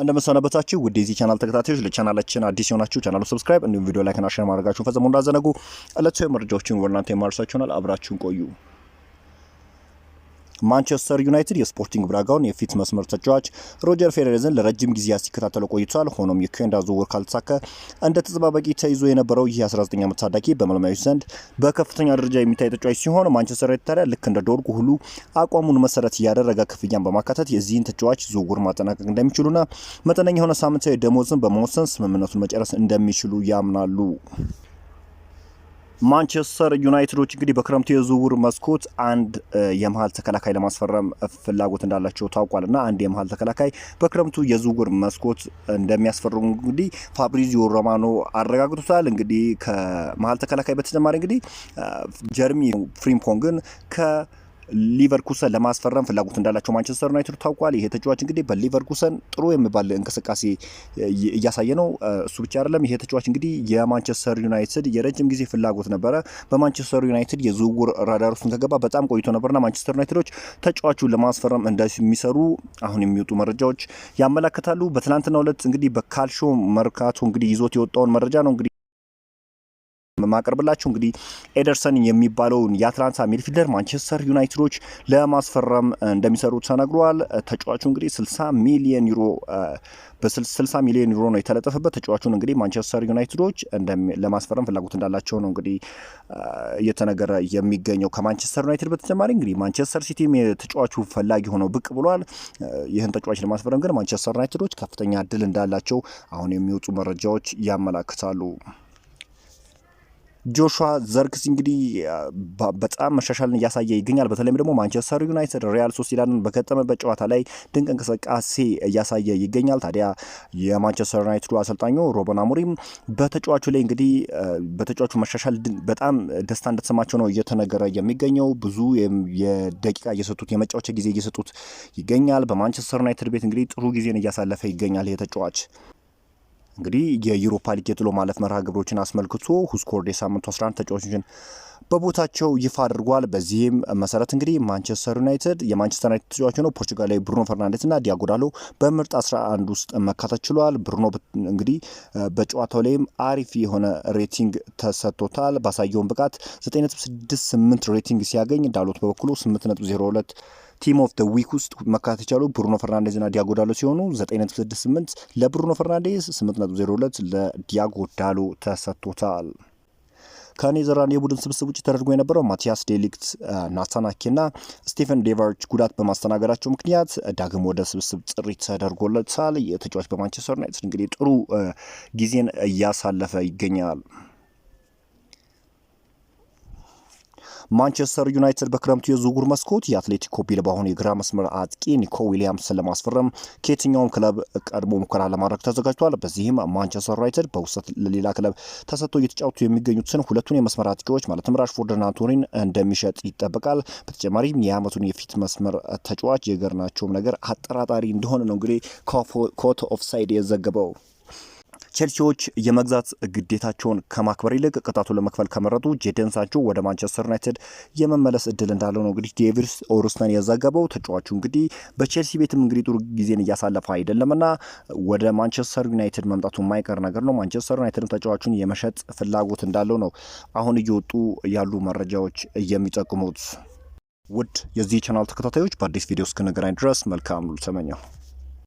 እንደምሰናበታችሁ ውድ የዚህ ቻናል ተከታታዮች፣ ለቻናላችን አዲስ የሆናችሁ ቻናሉ ሰብስክራይብ እንዲሁም ቪዲዮ ላይክና ሼር ማድረጋችሁን ፈጽሞ እንዳዘነጉ። ዕለቱ መረጃዎችን ወደ እናንተ የማርሳችሁናል። አብራችሁን ቆዩ። ማንቸስተር ዩናይትድ የስፖርቲንግ ብራጋውን የፊት መስመር ተጫዋች ሮጀር ፌሬዝን ለረጅም ጊዜያት ሲከታተለው ቆይቷል። ሆኖም የኩዌንዳ ዝውውር ካልተሳካ እንደ ተጠባባቂ ተይዞ የነበረው ይህ 19 ዓመት ታዳጊ በመልማዮች ዘንድ በከፍተኛ ደረጃ የሚታይ ተጫዋች ሲሆን ማንቸስተር ዩናይትድ ታዲያ ልክ እንደ ዶርጉ ሁሉ አቋሙን መሰረት ያደረገ ክፍያን በማካተት የዚህን ተጫዋች ዝውውር ማጠናቀቅ እንደሚችሉና መጠነኛ የሆነ ሳምንታዊ ደሞዝን በመወሰን ስምምነቱን መጨረስ እንደሚችሉ ያምናሉ። ማንቸስተር ዩናይትዶች እንግዲህ በክረምቱ የዝውውር መስኮት አንድ የመሀል ተከላካይ ለማስፈረም ፍላጎት እንዳላቸው ታውቋል እና አንድ የመሀል ተከላካይ በክረምቱ የዝውውር መስኮት እንደሚያስፈርሙ እንግዲህ ፋብሪዚዮ ሮማኖ አረጋግጦታል። እንግዲህ ከመሀል ተከላካይ በተጨማሪ እንግዲህ ጀርሚ ፍሪምፖንግን ከ ሊቨርኩሰን ለማስፈረም ፍላጎት እንዳላቸው ማንቸስተር ዩናይትድ ታውቋል። ይሄ ተጫዋች እንግዲህ በሊቨርኩሰን ጥሩ የሚባል እንቅስቃሴ እያሳየ ነው። እሱ ብቻ አይደለም። ይሄ ተጫዋች እንግዲህ የማንቸስተር ዩናይትድ የረጅም ጊዜ ፍላጎት ነበረ። በማንቸስተር ዩናይትድ የዝውውር ራዳር ውስጥ ከገባ በጣም ቆይቶ ነበርና ማንቸስተር ዩናይትዶች ተጫዋቹን ለማስፈረም እንደሚሰሩ አሁን የሚወጡ መረጃዎች ያመላክታሉ። በትናንትናው ዕለት እንግዲህ በካልሾ መርካቶ እንግዲህ ይዞት የወጣውን መረጃ ነው እንግዲህ የማቀርብላችሁ እንግዲህ ኤደርሰን የሚባለውን የአትላንታ ሚድፊልደር ማንቸስተር ዩናይትዶች ለማስፈረም እንደሚሰሩ ተነግሯል። ተጫዋቹ እንግዲህ 60 ሚሊዮን ዩሮ በ60 ሚሊዮን ዩሮ ነው የተለጠፈበት። ተጫዋቹን እንግዲህ ማንቸስተር ዩናይትዶች ለማስፈረም ፍላጎት እንዳላቸው ነው እንግዲህ እየተነገረ የሚገኘው። ከማንቸስተር ዩናይትድ በተጨማሪ እንግዲህ ማንቸስተር ሲቲም የተጫዋቹ ፈላጊ ሆነው ብቅ ብሏል። ይህን ተጫዋች ለማስፈረም ግን ማንቸስተር ዩናይትዶች ከፍተኛ እድል እንዳላቸው አሁን የሚወጡ መረጃዎች ያመላክታሉ። ጆሹዋ ዘርክስ እንግዲህ በጣም መሻሻልን እያሳየ ይገኛል። በተለይም ደግሞ ማንቸስተር ዩናይትድ ሪያል ሶሲዳድን በገጠመበት ጨዋታ ላይ ድንቅ እንቅስቃሴ እያሳየ ይገኛል። ታዲያ የማንቸስተር ዩናይትዱ አሰልጣኙ ሮበን አሞሪም በተጫዋቹ ላይ እንግዲህ በተጫዋቹ መሻሻል በጣም ደስታ እንደተሰማቸው ነው እየተነገረ የሚገኘው። ብዙ የደቂቃ እየሰጡት የመጫወቻ ጊዜ እየሰጡት ይገኛል። በማንቸስተር ዩናይትድ ቤት እንግዲህ ጥሩ ጊዜን እያሳለፈ ይገኛል ይህ ተጫዋች እንግዲህ የዩሮፓ ሊግ የጥሎ ማለፍ መርሃ ግብሮችን አስመልክቶ ሁስኮርድ የሳምንቱ 11 ተጫዋቾችን በቦታቸው ይፋ አድርጓል። በዚህም መሰረት እንግዲህ ማንቸስተር ዩናይትድ የማንቸስተር ዩናይትድ ተጫዋች ነው ፖርቹጋላዊ ብሩኖ ፈርናንዴስ እና ዲያጎ ዳሎ በምርጥ 11 ውስጥ መካተት ችሏል። ብሩኖ እንግዲህ በጨዋታው ላይም አሪፍ የሆነ ሬቲንግ ተሰጥቶታል። ባሳየውን ብቃት 9.68 ሬቲንግ ሲያገኝ ዳሎት በበኩሉ 8.02 ቲም ኦፍ ደ ዊክ ውስጥ መካተት የቻሉ ብሩኖ ፈርናንዴዝ እና ዲያጎ ዳሎ ሲሆኑ 9.68 ለብሩኖ ፈርናንዴዝ፣ 8.02 ለዲያጎ ዳሎ ተሰጥቶታል። ከኔዘርላንድ የቡድን ስብስብ ውጭ ተደርጎ የነበረው ማቲያስ ዴሊክት፣ ናታን አኬና ስቴፈን ዴቫርች ጉዳት በማስተናገዳቸው ምክንያት ዳግም ወደ ስብስብ ጥሪ ተደርጎለታል። የተጫዋች በማንቸስተር ዩናይትድ እንግዲህ ጥሩ ጊዜን እያሳለፈ ይገኛል። ማንቸስተር ዩናይትድ በክረምቱ የዝውውር መስኮት የአትሌቲኮ ቢልባኦን የግራ መስመር አጥቂ ኒኮ ዊሊያምስን ለማስፈረም ከየትኛውም ክለብ ቀድሞ ሙከራ ለማድረግ ተዘጋጅቷል። በዚህም ማንቸስተር ዩናይትድ በውሰት ለሌላ ክለብ ተሰጥቶ እየተጫወቱ የሚገኙትን ሁለቱን የመስመር አጥቂዎች ማለትም ራሽፎርድና አንቶኒን እንደሚሸጥ ይጠበቃል። በተጨማሪም የአመቱን የፊት መስመር ተጫዋች የገርናቸውም ነገር አጠራጣሪ እንደሆነ ነው እንግዲህ ኮት ኦፍሳይድ የዘገበው። ቼልሲዎች የመግዛት ግዴታቸውን ከማክበር ይልቅ ቅጣቱን ለመክፈል ከመረጡ ጄደን ሳንቾ ወደ ማንቸስተር ዩናይትድ የመመለስ እድል እንዳለው ነው እንግዲህ ዴቪስ ኦሩስተን የዘገበው። ተጫዋቹ እንግዲህ በቼልሲ ቤትም እንግዲህ ጥሩ ጊዜን እያሳለፈ አይደለምና ወደ ማንቸስተር ዩናይትድ መምጣቱ የማይቀር ነገር ነው። ማንቸስተር ዩናይትድም ተጫዋቹን የመሸጥ ፍላጎት እንዳለው ነው አሁን እየወጡ ያሉ መረጃዎች የሚጠቁሙት። ውድ የዚህ ቻናል ተከታታዮች በአዲስ ቪዲዮ እስክንገናኝ ድረስ መልካም ሉ